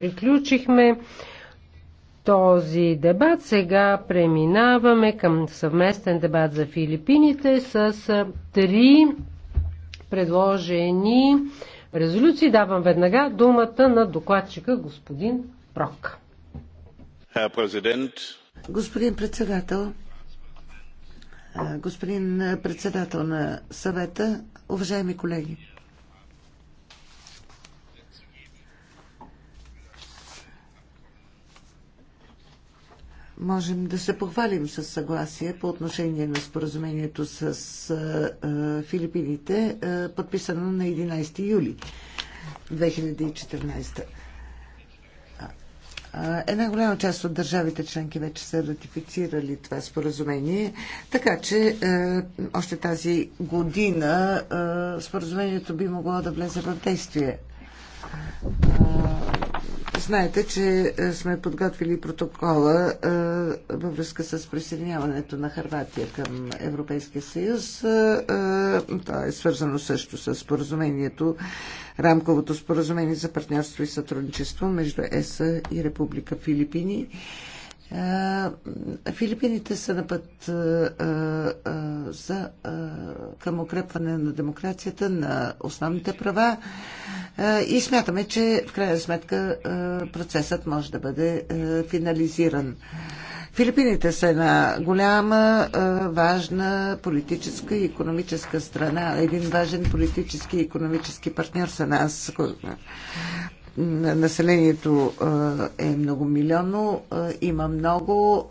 приключихме този дебат. Сега преминаваме към съвместен дебат за Филипините с три предложени резолюции. Давам веднага думата на докладчика господин Прок. Господин председател, господин председател на съвета, уважаеми колеги. можем да се похвалим с съгласие по отношение на споразумението с Филипините, подписано на 11 юли 2014. Една голяма част от държавите членки вече са ратифицирали това споразумение, така че а, още тази година а, споразумението би могло да влезе в действие. Знаете, че е, сме подготвили протокола е, във връзка с присъединяването на Харватия към Европейския съюз. Е, Това е свързано също с споразумението, рамковото споразумение за партньорство и сътрудничество между ЕСА и Република Филипини. Филипините са на път за, към укрепване на демокрацията, на основните права и смятаме, че в крайна сметка процесът може да бъде финализиран. Филипините са една голяма, важна политическа и економическа страна, един важен политически и економически партньор са нас населението е многомилионно, има много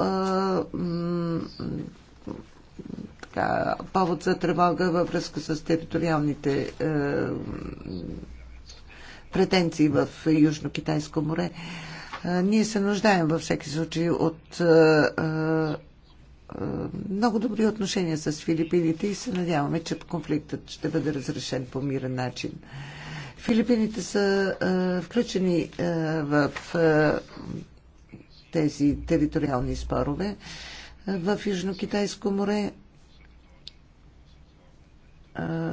така, повод за тревога във връзка с териториалните претенции в Южно-Китайско море. Ние се нуждаем във всеки случай от много добри отношения с Филипините и се надяваме, че конфликтът ще бъде разрешен по мирен начин. Филипините са а, включени а, в а, тези териториални спорове в Южно-Китайско море.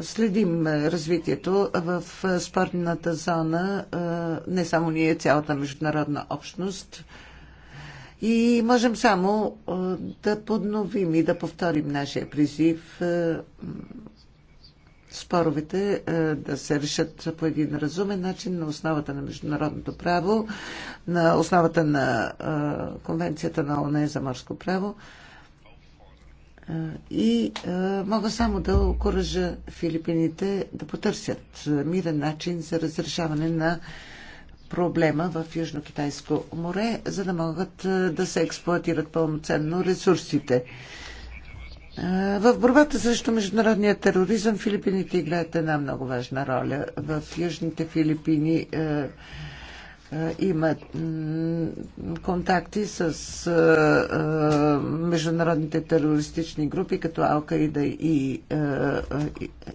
Следим развитието в спортната зона, не само ние, цялата международна общност. И можем само да подновим и да повторим нашия призив споровете е, да се решат по един разумен начин на основата на международното право, на основата на е, Конвенцията на ОНЕ за морско право. Е, и мога само да окоръжа филипините да потърсят мирен начин за разрешаване на проблема в Южно-Китайско море, за да могат да се експлуатират пълноценно ресурсите. В борбата срещу международния тероризъм Филипините играят една много важна роля. В Южните Филипини е, е, има контакти с е, международните терористични групи, като Алкаида и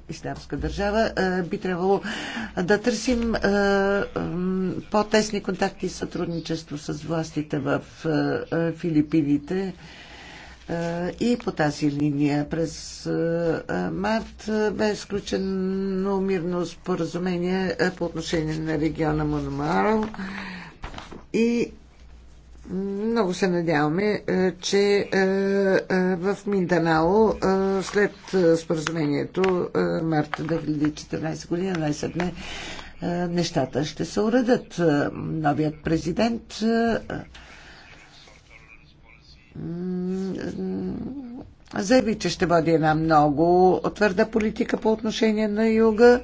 Ислямска държава. Би трябвало да търсим по-тесни контакти и сътрудничество с властите в Филипините е, и по тази линия през е, е, март бе изключено мирно споразумение по отношение на региона Мономаро и много се надяваме, че в Минданао след споразумението март 2014 година най съдне нещата ще се уредят. Новият президент заяви, че ще води една много твърда политика по отношение на юга.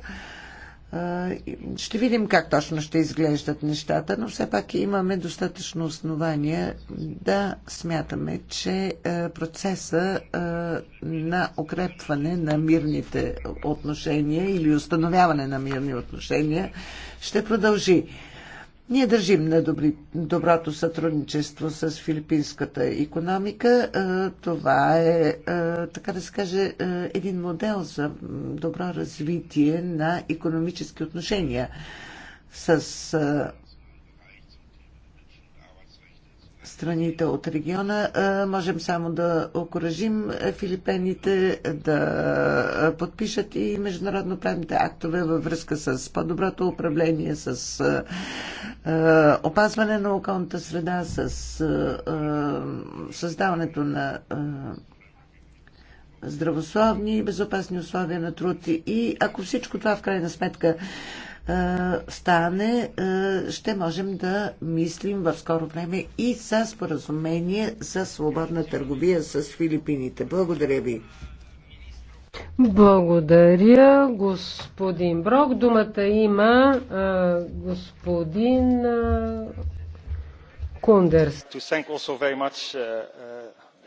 Ще видим как точно ще изглеждат нещата, но все пак имаме достатъчно основания да смятаме, че процеса на укрепване на мирните отношения или установяване на мирни отношения ще продължи. Ние държим на добри, доброто сътрудничество с филипинската економика. Е, това е, е, така да се каже, е, един модел за добро развитие на економически отношения с страните от региона. Можем само да окоръжим филипените да подпишат и международно правните актове във връзка с по-доброто управление, с опазване на околната среда, с създаването на здравословни и безопасни условия на труд. И ако всичко това в крайна сметка стане, ще можем да мислим в скоро време и за споразумение за свободна търговия с Филипините. Благодаря ви. Благодаря, господин Брок. Думата има а, господин а, Кундерс. Uh, uh,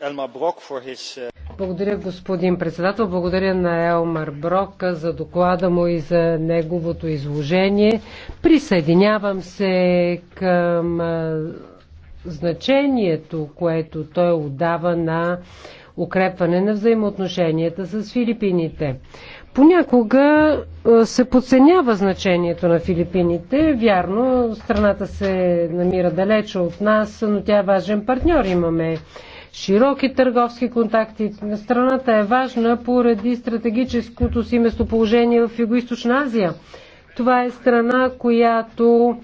Elmar Brok for his uh, благодаря, господин председател. Благодаря на Елмар Брок за доклада му и за неговото изложение. Присъединявам се към значението, което той отдава на укрепване на взаимоотношенията с Филипините. Понякога се подценява значението на Филипините. Вярно, страната се намира далече от нас, но тя е важен партньор. Имаме широки търговски контакти. Страната е важна поради стратегическото си местоположение в Юго-Источна Азия. Това е страна, която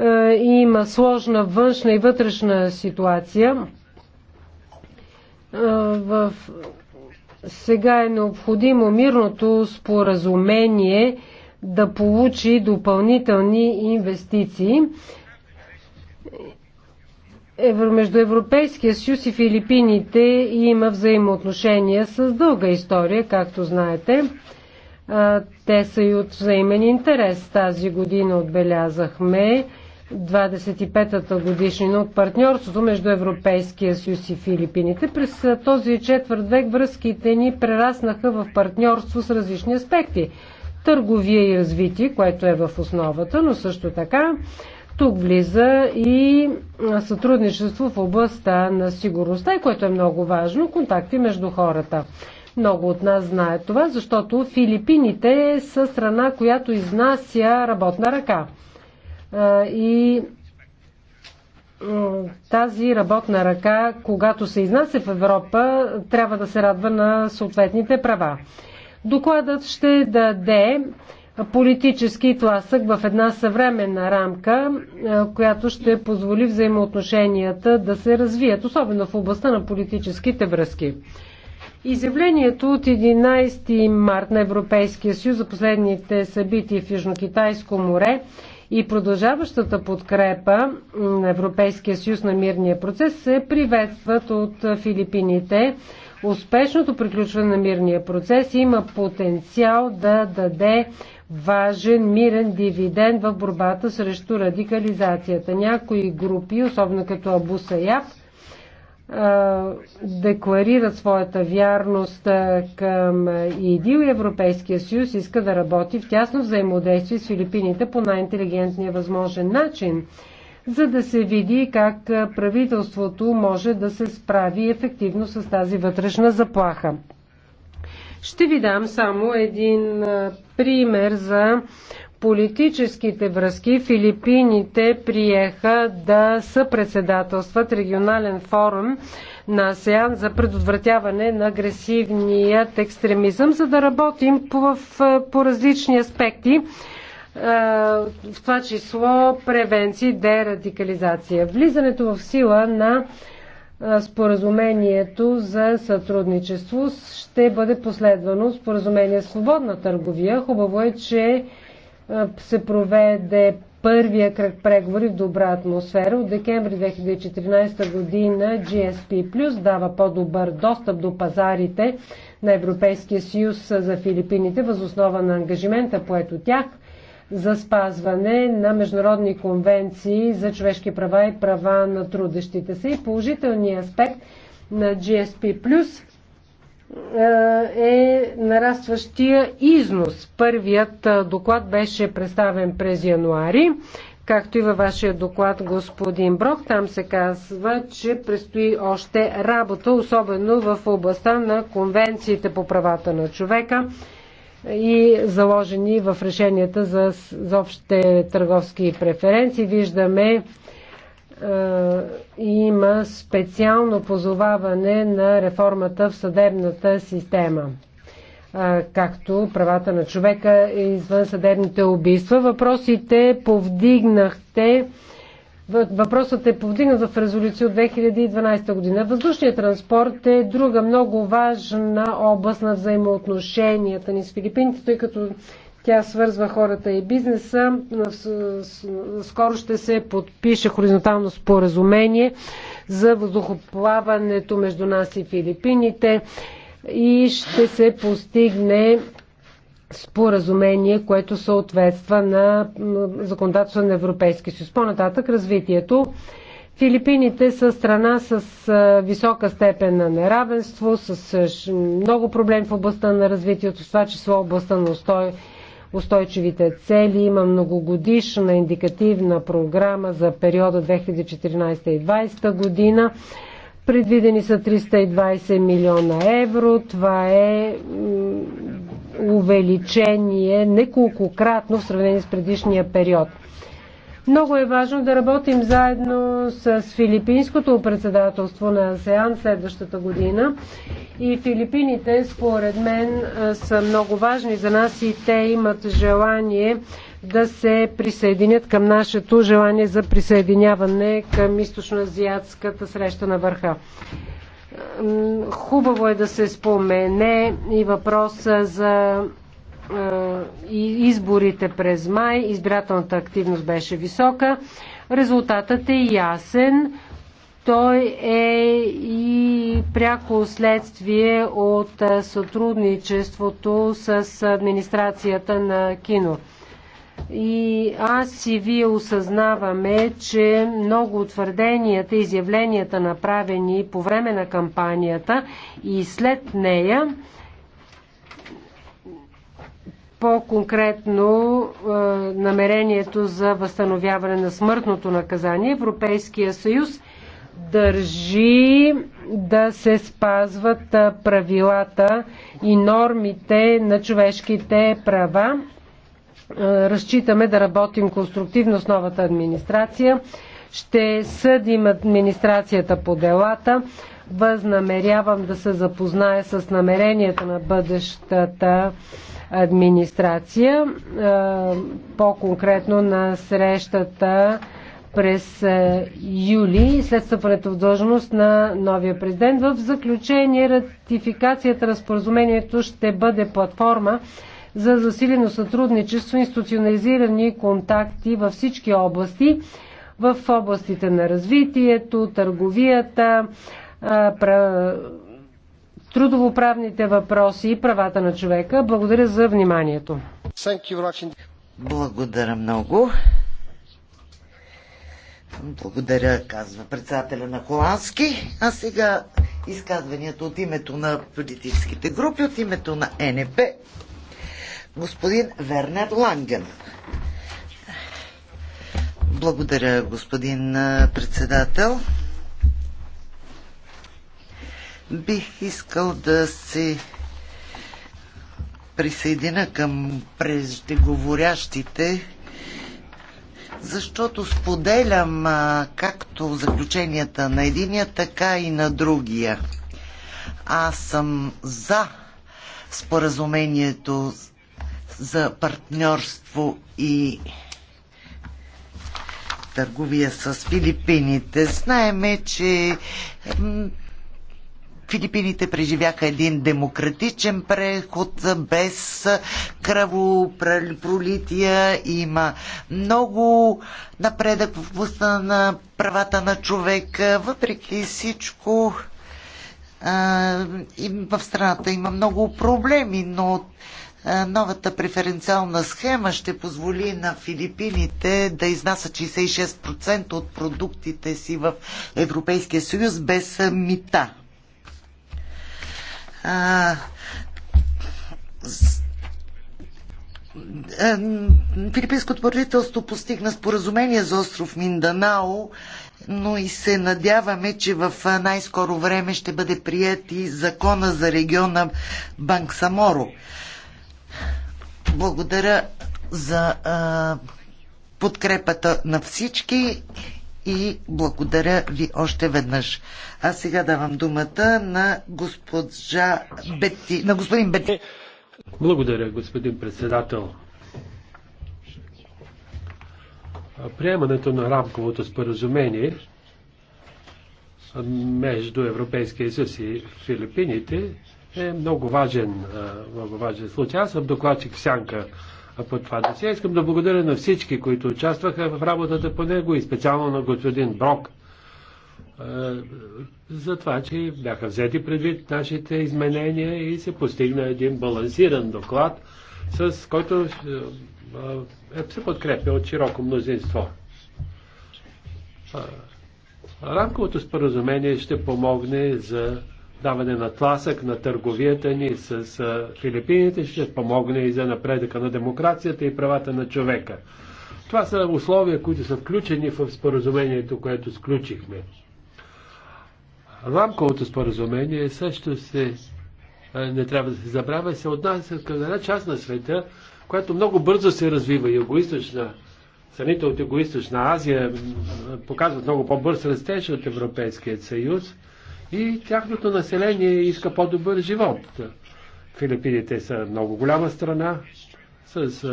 е, има сложна външна и вътрешна ситуация. Е, в... Сега е необходимо мирното споразумение да получи допълнителни инвестиции евро, между Европейския съюз и Филипините има взаимоотношения с дълга история, както знаете. Те са и от взаимен интерес. Тази година отбелязахме 25-та годишнина от партньорството между Европейския съюз и Филипините. През този четвърт век връзките ни прераснаха в партньорство с различни аспекти. Търговия и развитие, което е в основата, но също така тук влиза и сътрудничество в областта на сигурността, и което е много важно, контакти между хората. Много от нас знаят това, защото Филипините са страна, която изнася работна ръка. И тази работна ръка, когато се изнася в Европа, трябва да се радва на съответните права. Докладът ще даде политически тласък в една съвременна рамка, която ще позволи взаимоотношенията да се развият, особено в областта на политическите връзки. Изявлението от 11 март на Европейския съюз за последните събития в Южно-Китайско море и продължаващата подкрепа на Европейския съюз на мирния процес се приветстват от Филипините. Успешното приключване на мирния процес има потенциал да даде важен мирен дивиденд в борбата срещу радикализацията. Някои групи, особено като Абу Саяб, декларират своята вярност към ИДИЛ и Европейския съюз иска да работи в тясно взаимодействие с Филипините по най-интелигентния възможен начин, за да се види как правителството може да се справи ефективно с тази вътрешна заплаха. Ще ви дам само един пример за политическите връзки. Филипините приеха да съпредседателстват регионален форум на АСЕАН за предотвратяване на агресивният екстремизъм, за да работим по, по различни аспекти в това число превенции, дерадикализация. Влизането в сила на споразумението за сътрудничество ще бъде последвано споразумение свободна търговия. Хубаво е, че се проведе първия кръг преговори в добра атмосфера. От декември 2014 година GSP Plus дава по-добър достъп до пазарите на Европейския съюз за Филипините, възоснова на ангажимента, поето тях – за спазване на международни конвенции за човешки права и права на трудещите се. И положителният аспект на GSP Plus е, е нарастващия износ. Първият доклад беше представен през януари, както и във вашия доклад, господин Брок. Там се казва, че предстои още работа, особено в областта на конвенциите по правата на човека и заложени в решенията за, за общите търговски преференции. Виждаме, е, има специално позоваване на реформата в съдебната система, е, както правата на човека извън съдебните убийства. Въпросите повдигнахте Въпросът е повдигнат в резолюция от 2012 година. Въздушният транспорт е друга много важна област на взаимоотношенията ни с Филипините, тъй като тя свързва хората и бизнеса. Скоро ще се подпише хоризонтално споразумение за въздухоплаването между нас и Филипините и ще се постигне споразумение, което съответства на законодателство на Европейския съюз. По-нататък развитието. Филипините са страна с висока степен на неравенство, с много проблем в областта на развитието, в това число областта на устой, устойчивите цели. Има многогодишна индикативна програма за периода 2014 и 2020 година. Предвидени са 320 милиона евро. Това е увеличение неколкократно в сравнение с предишния период. Много е важно да работим заедно с филипинското председателство на АСЕАН следващата година. И Филипините, според мен, са много важни за нас и те имат желание да се присъединят към нашето желание за присъединяване към източно-азиатската среща на върха. Хубаво е да се спомене и въпроса за изборите през май. Избирателната активност беше висока. Резултатът е ясен. Той е и пряко следствие от сътрудничеството с администрацията на кино. И аз и вие осъзнаваме, че много от твърденията и изявленията направени по време на кампанията и след нея, по-конкретно е, намерението за възстановяване на смъртното наказание, Европейския съюз държи да се спазват е, правилата и нормите на човешките права разчитаме да работим конструктивно с новата администрация. Ще съдим администрацията по делата. Възнамерявам да се запозная с намеренията на бъдещата администрация, по-конкретно на срещата през юли, след стъпването в длъжност на новия президент. В заключение, ратификацията на споразумението ще бъде платформа за засилено сътрудничество, институционализирани контакти във всички области, в областите на развитието, търговията, трудовоправните въпроси и правата на човека. Благодаря за вниманието. Благодаря много. Благодаря, казва председателя на Холандски. А сега изказванията от името на политическите групи, от името на НП господин Вернер Ланген. Благодаря, господин председател. Бих искал да се присъединя към преждеговорящите, защото споделям както заключенията на единия, така и на другия. Аз съм за споразумението за партньорство и търговия с Филипините. Знаеме, че Филипините преживяха един демократичен преход без кръвопролития. Има много напредък в областта на правата на човека. Въпреки всичко, в страната има много проблеми, но е, новата преференциална схема ще позволи на Филипините да изнасят 66% от продуктите си в Европейския съюз без е, мита. Е, филипинското правителство постигна споразумение за остров Минданао, но и се надяваме, че в най-скоро време ще бъде прият и закона за региона Банксаморо. Благодаря за а, подкрепата на всички и благодаря ви още веднъж. А сега давам думата на госпожа Бети, на господин Бети. Благодаря, господин председател. Приемането на рамковото споразумение между Европейския съюз и Филипините е много важен, много важен случай. Аз съм докладчик в Сянка по това досие. Искам да благодаря на всички, които участваха в работата по него и специално на господин Брок за това, че бяха взети предвид нашите изменения и се постигна един балансиран доклад, с който е, се подкрепя от широко мнозинство. Рамковото споразумение ще помогне за даване на тласък на търговията ни с Филипините, ще помогне и за напредъка на демокрацията и правата на човека. Това са условия, които са включени в споразумението, което сключихме. Рамковото споразумение също се не трябва да се забравя, се отнася към една част на света, която много бързо се развива. Югоисточна, страните от Югоисточна Азия показват много по-бърз растеж от Европейския съюз и тяхното население иска по-добър живот. Филипините са много голяма страна с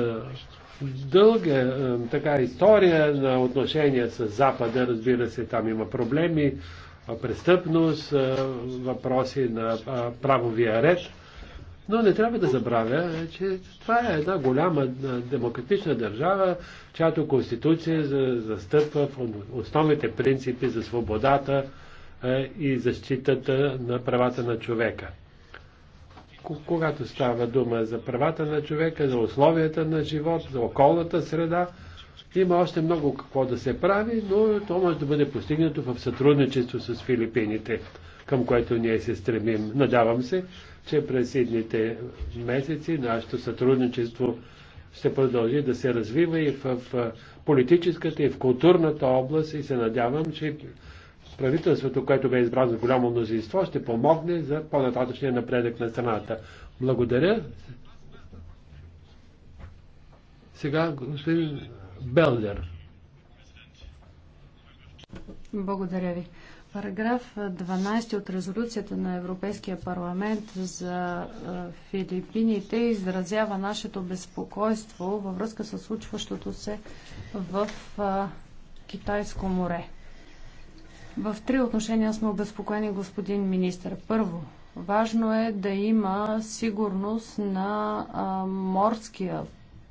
дълга така история на отношения с Запада. Разбира се, там има проблеми, престъпност, въпроси на правовия ред. Но не трябва да забравя, че това е една голяма демократична държава, чиято конституция застъпва основните принципи за свободата, и защитата на правата на човека. Когато става дума за правата на човека, за условията на живот, за околната среда, има още много какво да се прави, но то може да бъде постигнато в сътрудничество с Филипините, към което ние се стремим. Надявам се, че през едните месеци нашето сътрудничество ще продължи да се развива и в политическата, и в културната област и се надявам, че правителството, което бе избрано за голямо мнозинство, ще помогне за по-нататъчния напредък на страната. Благодаря. Сега господин Белдер. Благодаря ви. Параграф 12 от резолюцията на Европейския парламент за Филипините изразява нашето безпокойство във връзка с случващото се в Китайско море. В три отношения сме обезпокоени, господин министр. Първо, важно е да има сигурност на а, морския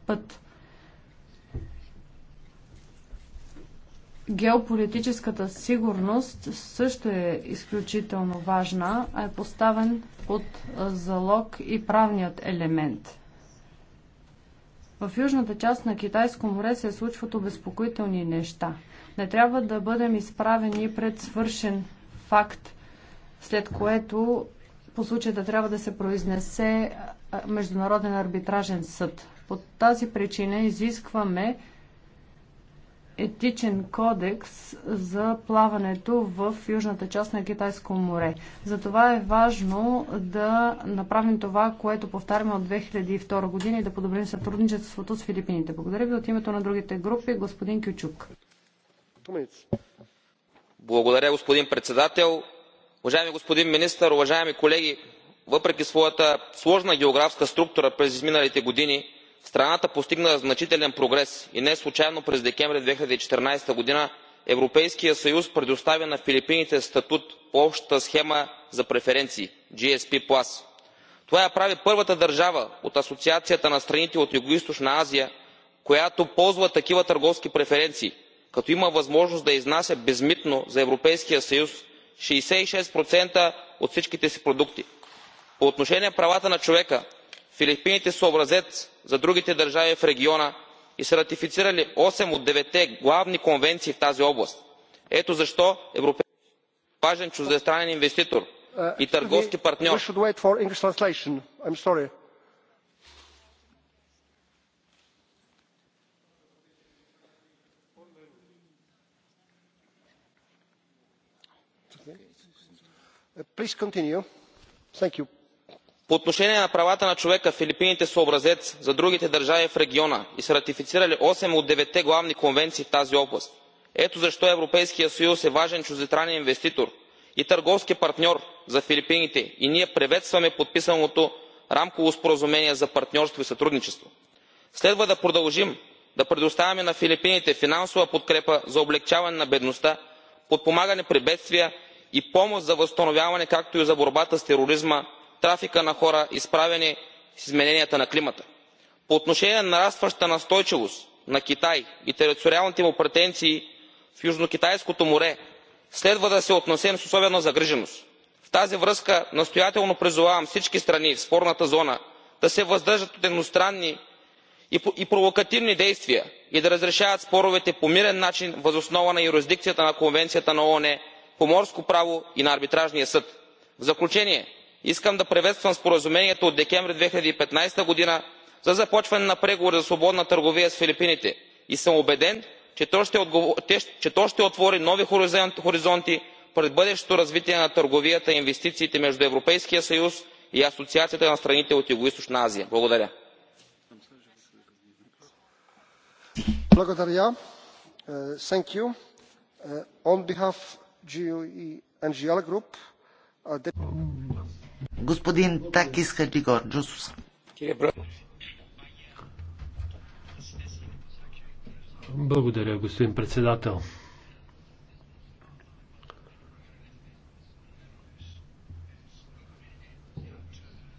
път. Геополитическата сигурност също е изключително важна, а е поставен под залог и правният елемент. В южната част на Китайско море се случват обезпокоителни неща – не трябва да бъдем изправени пред свършен факт, след което по случая трябва да се произнесе Международен арбитражен съд. По тази причина изискваме етичен кодекс за плаването в южната част на Китайско море. Затова е важно да направим това, което повтаряме от 2002 година и да подобрим сътрудничеството с Филипините. Благодаря ви от името на другите групи, господин Кючук. Благодаря, господин председател. Уважаеми господин министър, уважаеми колеги! Въпреки своята сложна географска структура през изминалите години страната постигна значителен прогрес и не случайно през декември 2014 година Европейския съюз предостави на филипините статут по общата схема за преференции gsp. това я прави първата държава от асоциацията на страните от Юго-Источна азия която ползва такива търговски преференции като има възможност да изнася безмитно за европейския съюз шестдесет и шест от всичките си продукти. по отношение правата на човека филипините са образец за другите държави в региона и са ратифицирали осем от деветте главни конвенции в тази област. ето защо европейският съюз е важен чуждестранен инвеститор и търговски партньор. Uh, по отношение на правата на човека филипините са образец за другите държави в региона и са ратифицирали осем от деветте главни конвенции в тази област. ето защо европейският съюз е важен чуждестранен инвеститор и търговски партньор за филипините и ние приветстваме подписаното рамково споразумение за партньорство и сътрудничество. следва да продължим да предоставяме на филипините финансова подкрепа за облекчаване на бедността подпомагане при бедствия и помощ за възстановяване както и за борбата с тероризма трафика на хора и справяне с измененията на климата. по отношение на нарастващата настойчивост на китай и териториалните му претенции в южнокитайското море следва да се отнесем с особена загриженост. в тази връзка настоятелно призовавам всички страни в спорната зона да се въздържат от едностранни и провокативни действия и да разрешават споровете по мирен начин въз основа на юрисдикцията на конвенцията на оон по морско право и на арбитражния съд. в заключение искам да приветствам споразумението от декември 2015 година за започване на преговори за свободна търговия с филипините и съм убеден че то ще отвори нови хоризонти пред бъдещото развитие на търговията и инвестициите между европейския съюз и асоциацията на страните от югоизточна азия. благодаря. Е, е, on behalf Uh, господин Такис Благодаря, господин председател.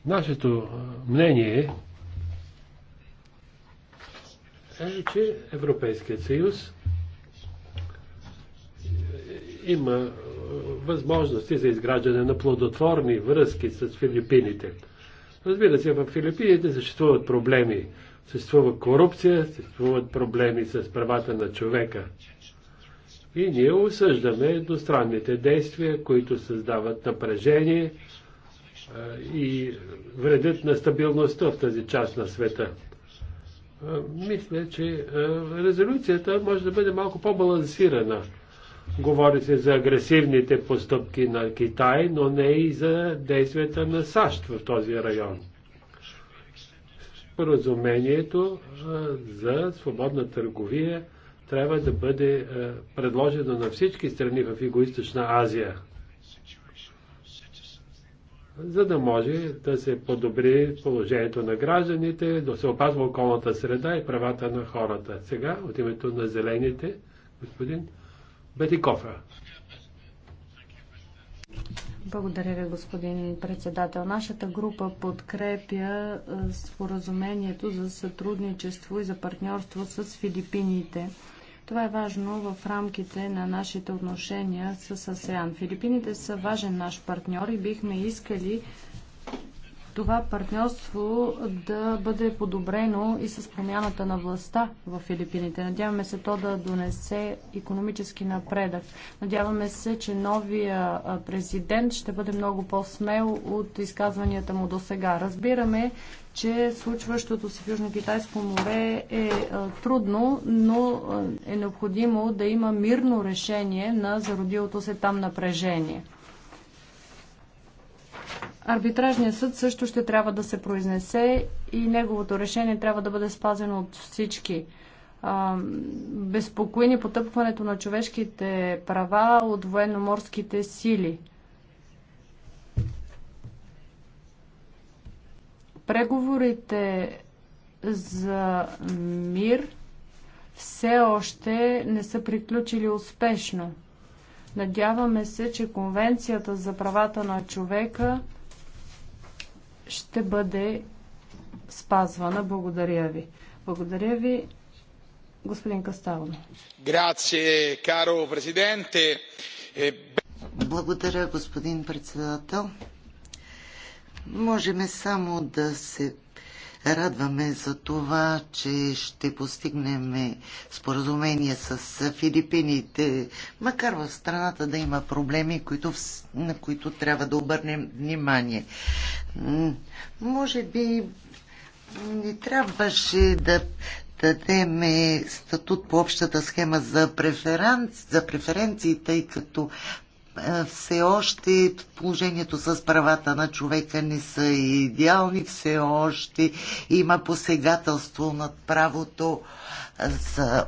Нашето мнение е, че Европейският съюз има е, възможности за изграждане на плодотворни връзки с Филипините. Разбира се, в Филипините съществуват проблеми. Съществува корупция, съществуват проблеми с правата на човека. И ние осъждаме двустранните действия, които създават напрежение е, и вредят на стабилността в тази част на света. Е, мисля, че резолюцията може да бъде малко по-балансирана. Говори се за агресивните постъпки на Китай, но не и за действията на САЩ в този район. Споразумението за свободна търговия трябва да бъде предложено на всички страни в Игоисточна Азия, за да може да се подобри положението на гражданите, да се опазва околната среда и правата на хората. Сега от името на зелените, господин Кофа. Благодаря ви, господин председател. Нашата група подкрепя е, споразумението за сътрудничество и за партньорство с Филипините. Това е важно в рамките на нашите отношения с АСЕАН. Филипините са важен наш партньор и бихме искали това партньорство да бъде подобрено и с промяната на властта в Филипините. Надяваме се то да донесе економически напредък. Надяваме се, че новия президент ще бъде много по-смел от изказванията му до сега. Разбираме, че случващото се в Южно-Китайско море е трудно, но е необходимо да има мирно решение на зародилото се там напрежение. Арбитражният съд също ще трябва да се произнесе и неговото решение трябва да бъде спазено от всички. Безпокои потъпването на човешките права от военноморските сили. Преговорите за мир все още не са приключили успешно. Надяваме се, че Конвенцията за правата на човека ще бъде спазвана. Благодаря ви. Благодаря ви, господин Кастално. Е, Благодаря, господин председател. Можем само да се радваме за това, че ще постигнем споразумение с Филипините, макар в страната да има проблеми, които, на които трябва да обърнем внимание. Може би не трябваше да дадем статут по общата схема за, преференци, за преференции, тъй като е, все още положението с правата на човека не са идеални, все още има посегателство над правото е, за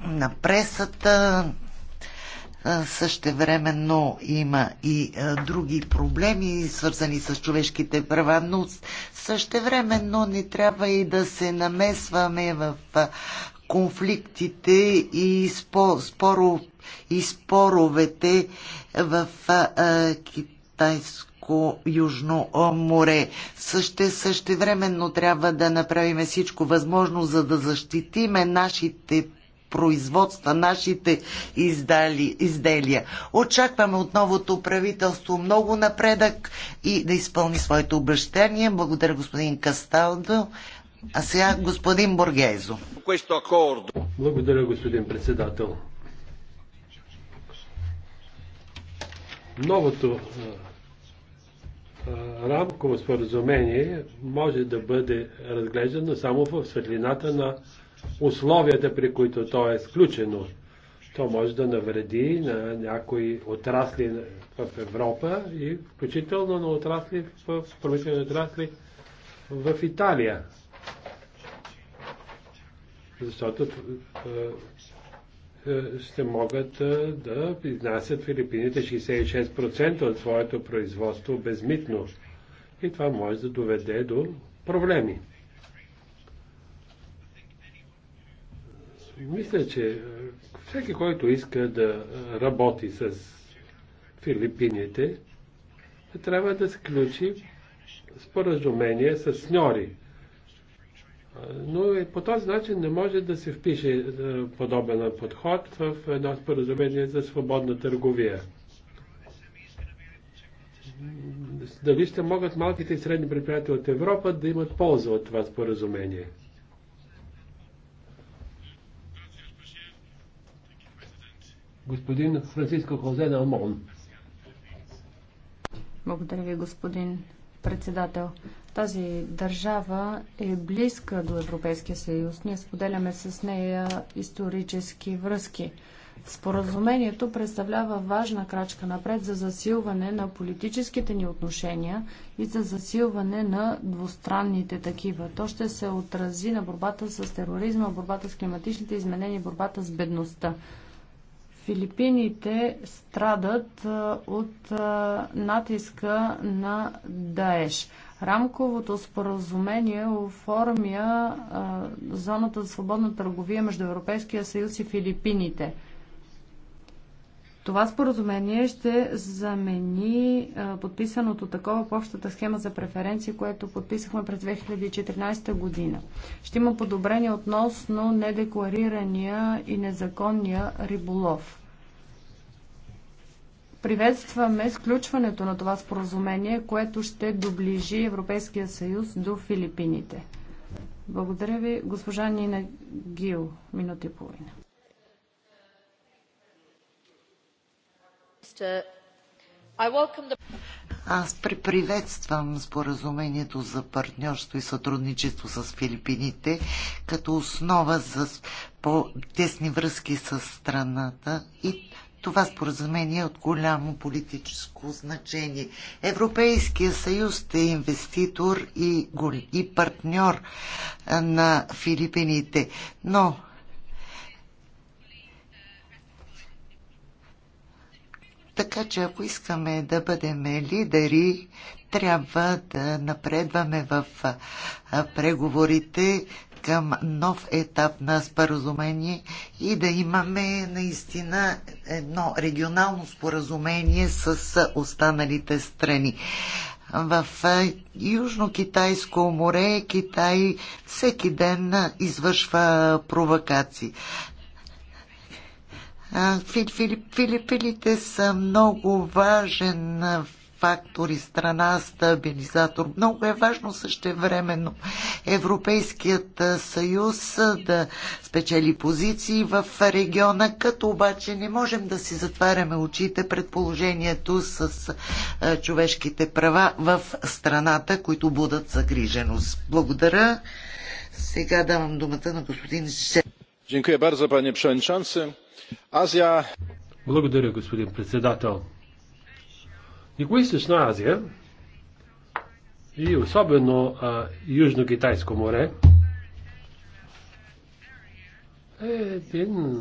на пресата. Е, същевременно има и други проблеми, свързани с човешките права, но същевременно не трябва и да се намесваме в конфликтите и, спор, и споровете в а, Китайско Южно море. Също, същевременно трябва да направим всичко възможно, за да защитиме нашите производства, нашите издали, изделия. Очакваме от новото правителство много напредък и да изпълни своите обещания. Благодаря господин Касталдо. А сега господин Боргезо. Благодаря, господин председател. Новото рамково споразумение може да бъде разглеждано само в светлината на условията, при които то е сключено. То може да навреди на някои отрасли в Европа и включително на отрасли в промишлени отрасли в Италия защото е, е, ще могат е, да изнасят Филипините 66% от своето производство безмитно. И това може да доведе до проблеми. Мисля, че всеки, който иска да работи с Филипините, трябва да сключи споразумение с сньори но и по този начин не може да се впише е, подобен подход в едно споразумение за свободна търговия. Дали ще могат малките и средни предприятия от Европа да имат полза от това споразумение? Господин Франциско Хозе Далмон. Благодаря ви, господин председател. Тази държава е близка до Европейския съюз. Ние споделяме с нея исторически връзки. Споразумението представлява важна крачка напред за засилване на политическите ни отношения и за засилване на двустранните такива. То ще се отрази на борбата с тероризма, борбата с климатичните изменения, борбата с бедността. Филипините страдат от натиска на Даеш. Рамковото споразумение оформя зоната за свободна търговия между Европейския съюз и Филипините. Това споразумение ще замени подписаното такова по общата схема за преференции, което подписахме през 2014 година. Ще има подобрение относно недекларирания и незаконния риболов. Приветстваме сключването на това споразумение, което ще доближи Европейския съюз до Филипините. Благодаря ви, госпожа Нина Гил, минути и половина. Аз приветствам споразумението за партньорство и сътрудничество с Филипините като основа за по-тесни връзки с страната и това споразумение е от голямо политическо значение. Европейския съюз е инвеститор и, и партньор на Филипините, но Така че ако искаме да бъдем лидери, трябва да напредваме в преговорите към нов етап на споразумение и да имаме наистина едно регионално споразумение с останалите страни. В Южно-Китайско море Китай всеки ден извършва провокации. Филипините са много важен фактор и страна стабилизатор. Много е важно същевременно Европейският съюз да спечели позиции в региона, като обаче не можем да си затваряме очите пред положението с човешките права в страната, които будат загриженост. Благодаря. Сега давам думата на господин Шеф. Dziękuję bardzo, panie przewodniczący. Азия. Благодаря, господин председател. юго Азия и особено Южно-Китайско море е един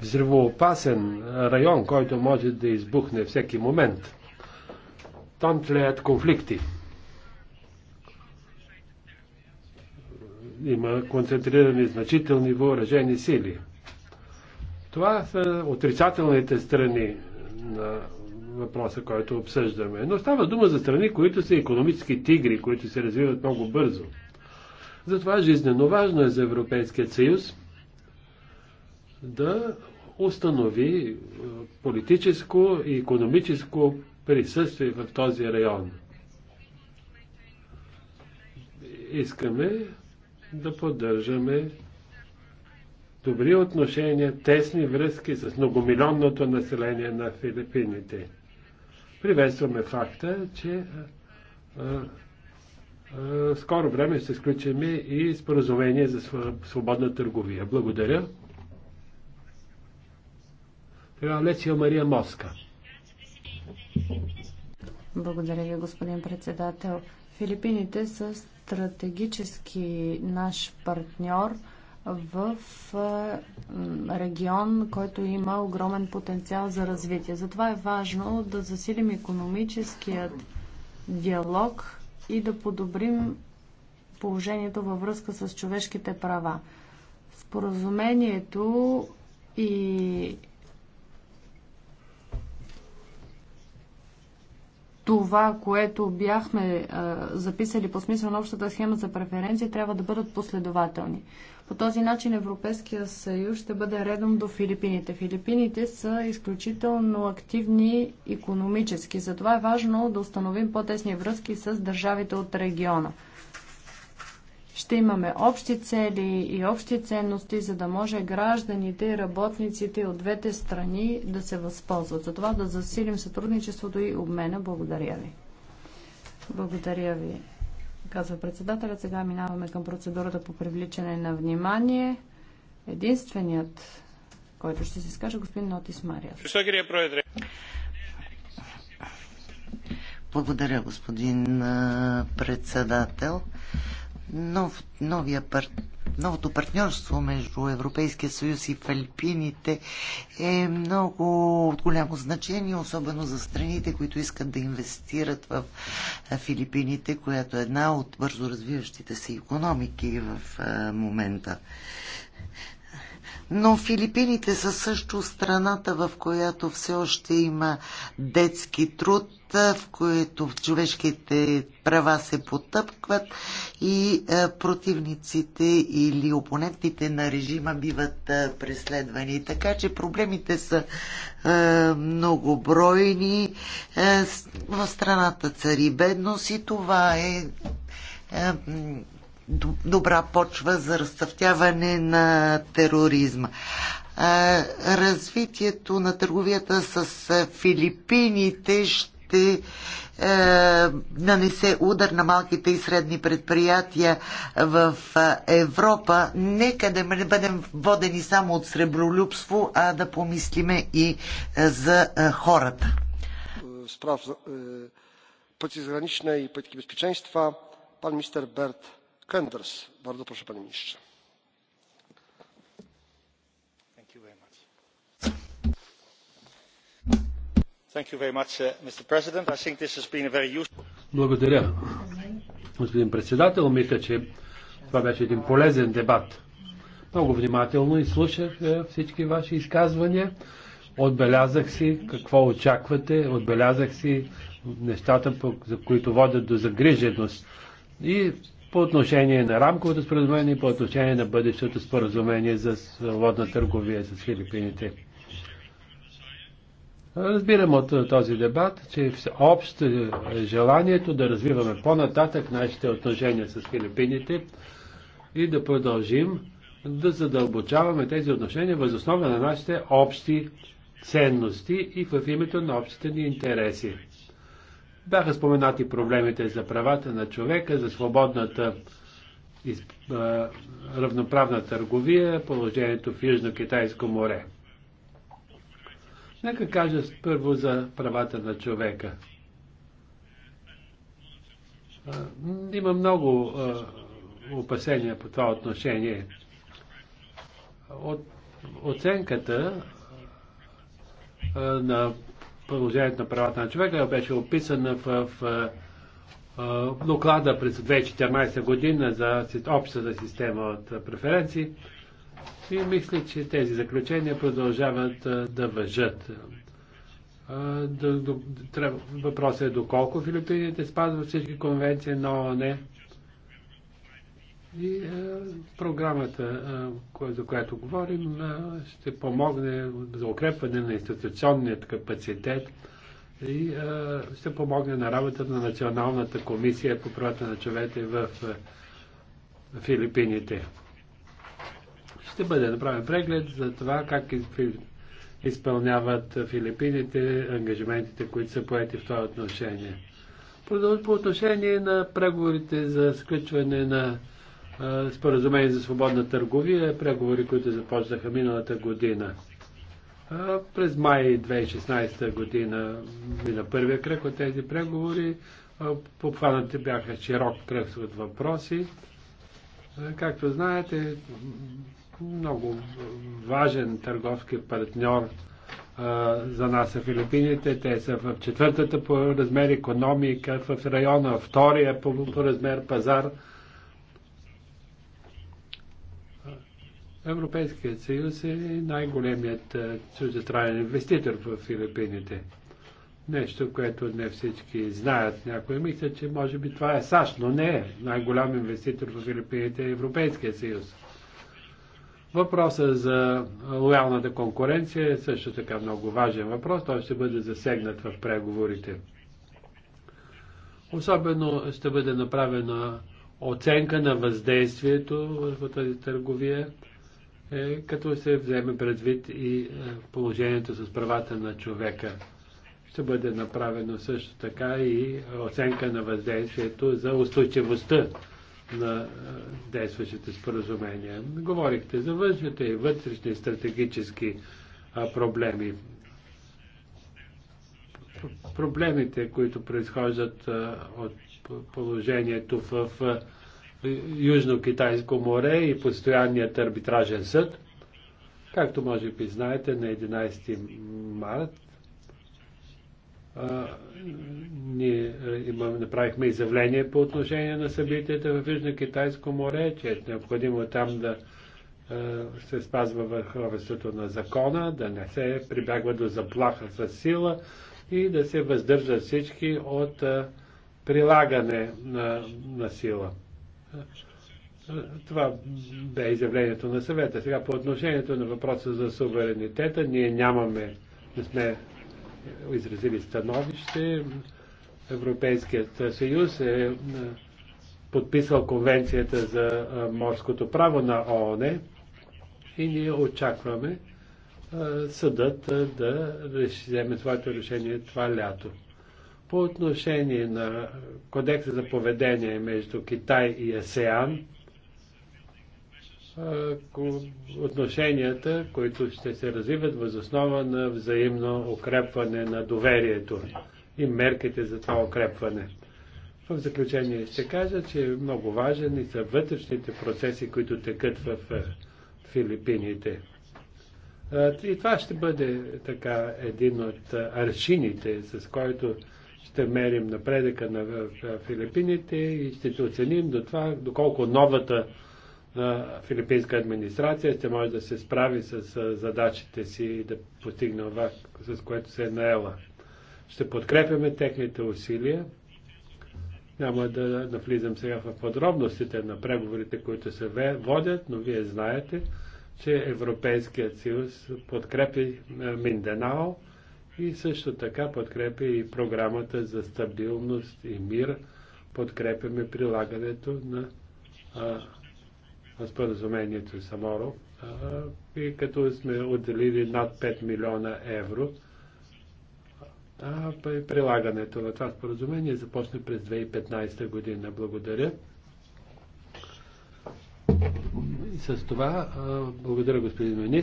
взривоопасен район, който може да избухне всеки момент. Там тлеят конфликти. Има концентрирани значителни въоръжени сили – това са отрицателните страни на въпроса, който обсъждаме. Но става дума за страни, които са економически тигри, които се развиват много бързо. Затова жизненно важно е за Европейския съюз да установи е, политическо и економическо присъствие в този район. Искаме да поддържаме добри отношения, тесни връзки с многомилионното население на Филипините. Приветстваме факта, че а, а, скоро време ще сключим и споразумение за свободна търговия. Благодаря. Сега Мария Моска. Благодаря ви, господин председател. Филипините са стратегически наш партньор – в регион, който има огромен потенциал за развитие. Затова е важно да засилим економическият диалог и да подобрим положението във връзка с човешките права. Споразумението и това, което бяхме а, записали по смисъл на общата схема за преференции, трябва да бъдат последователни. По този начин Европейския съюз ще бъде редом до Филипините. Филипините са изключително активни економически, затова е важно да установим по-тесни връзки с държавите от региона ще имаме общи цели и общи ценности, за да може гражданите и работниците от двете страни да се възползват. за това да засилим сътрудничеството и обмена. Благодаря ви. Благодаря ви, казва председателят. Сега минаваме към процедурата по привличане на внимание. Единственият, който ще се изкаже, господин Нотис Мария. Благодаря, господин председател нов, новия пар, новото партньорство между Европейския съюз и Филипините е много от голямо значение, особено за страните, които искат да инвестират в Филипините, която е една от бързо развиващите се економики в момента. Но Филипините са също страната, в която все още има детски труд, в което човешките права се потъпкват и е, противниците или опонентите на режима биват е, преследвани. Така че проблемите са е, многобройни. В страната цари бедност и това е добра почва за разцъфтяване на тероризма. Развитието на търговията с Филипините ще нанесе удар на малките и средни предприятия в Европа. Нека да не бъдем водени само от сребролюбство, а да помислиме и за хората. Справ е, за пъти и пътки безпеченства, пан мистер Берт Uh, Благодаря, господин председател. Мисля, че това беше един полезен дебат. Много внимателно изслушах е, всички ваши изказвания. Отбелязах си какво очаквате, отбелязах си нещата, за които водят до загриженост. И по отношение на рамковото споразумение и по отношение на бъдещото споразумение за свободна търговия с Филипините. Разбирам от този дебат, че е общо е, желанието да развиваме по-нататък нашите отношения с Филипините и да продължим да задълбочаваме тези отношения въз основа на нашите общи ценности и в името на общите ни интереси. Бяха споменати проблемите за правата на човека, за свободната из, а, равноправна търговия, положението в Южно-Китайско море. Нека кажа първо за правата на човека. А, има много а, опасения по това отношение. От, оценката а, на положението на правата на човека беше описана в, в, в доклада през 2014 година за общата система от преференции. И мисля, че тези заключения продължават да въжат. Въпросът е доколко Филипините спазват всички конвенции на ООН и е, програмата, е, за която говорим, е, ще помогне за укрепване на институционният капацитет и е, ще помогне на работата на Националната комисия по правата на човека в е, Филипините. Ще бъде направен преглед за това как изпълняват Филипините ангажиментите, които са поети в това отношение. По отношение на преговорите за сключване на споразумение за свободна търговия, преговори, които започнаха миналата година. През май 2016 година мина първия кръг от тези преговори. Попхванати бяха широк кръг от въпроси. Както знаете, много важен търговски партньор за нас са Филипините. Те са в четвъртата по размер економика, в района втория по размер пазар Европейският съюз е най-големият чуждестранен инвеститор в Филипините. Нещо, което не всички знаят. Някои мислят, че може би това е САЩ, но не е. Най-голям инвеститор в Филипините е Европейския съюз. Въпросът за лоялната конкуренция е също така много важен въпрос. Той ще бъде засегнат в преговорите. Особено ще бъде направена оценка на въздействието върху тази търговия е, като се вземе предвид и е, положението с правата на човека. Ще бъде направено също така и оценка на въздействието за устойчивостта на е, действащите споразумения. Говорихте за външните и вътрешни стратегически е, проблеми. Проблемите, които произхождат от положението в Южно-Китайско море и постоянният арбитражен съд. Както може би знаете, на 11 март а, ние имам, направихме изявление по отношение на събитията в Южно-Китайско море, че е необходимо там да а, се спазва върховенството на закона, да не се прибягва до заплаха с сила и да се въздържат всички от а, прилагане на, на сила. Това бе изявлението на съвета. Сега по отношението на въпроса за суверенитета, ние нямаме, не сме изразили становище. Европейският съюз е, е подписал конвенцията за е, морското право на ООН и ние очакваме е, съдът да вземе своето решение това лято. По отношение на кодекса за поведение между Китай и АСЕАН, отношенията, които ще се развиват въз основа на взаимно укрепване на доверието и мерките за това укрепване. В заключение ще кажа, че е много важен и са вътрешните процеси, които текат в Филипините. И това ще бъде така един от аршините, с който ще мерим напредъка на Филипините и ще се оценим до това, доколко новата филипинска администрация ще може да се справи с задачите си и да постигне това, с което се е наела. Ще подкрепяме техните усилия. Няма да навлизам сега в подробностите на преговорите, които се водят, но вие знаете, че Европейският съюз подкрепи Минденао и също така подкрепя и програмата за стабилност и мир. Подкрепяме прилагането на а, на споразумението Саморо, а, и като сме отделили над 5 милиона евро, а прилагането на това споразумение започне през 2015 година. Благодаря. И с това а, благодаря господин министр.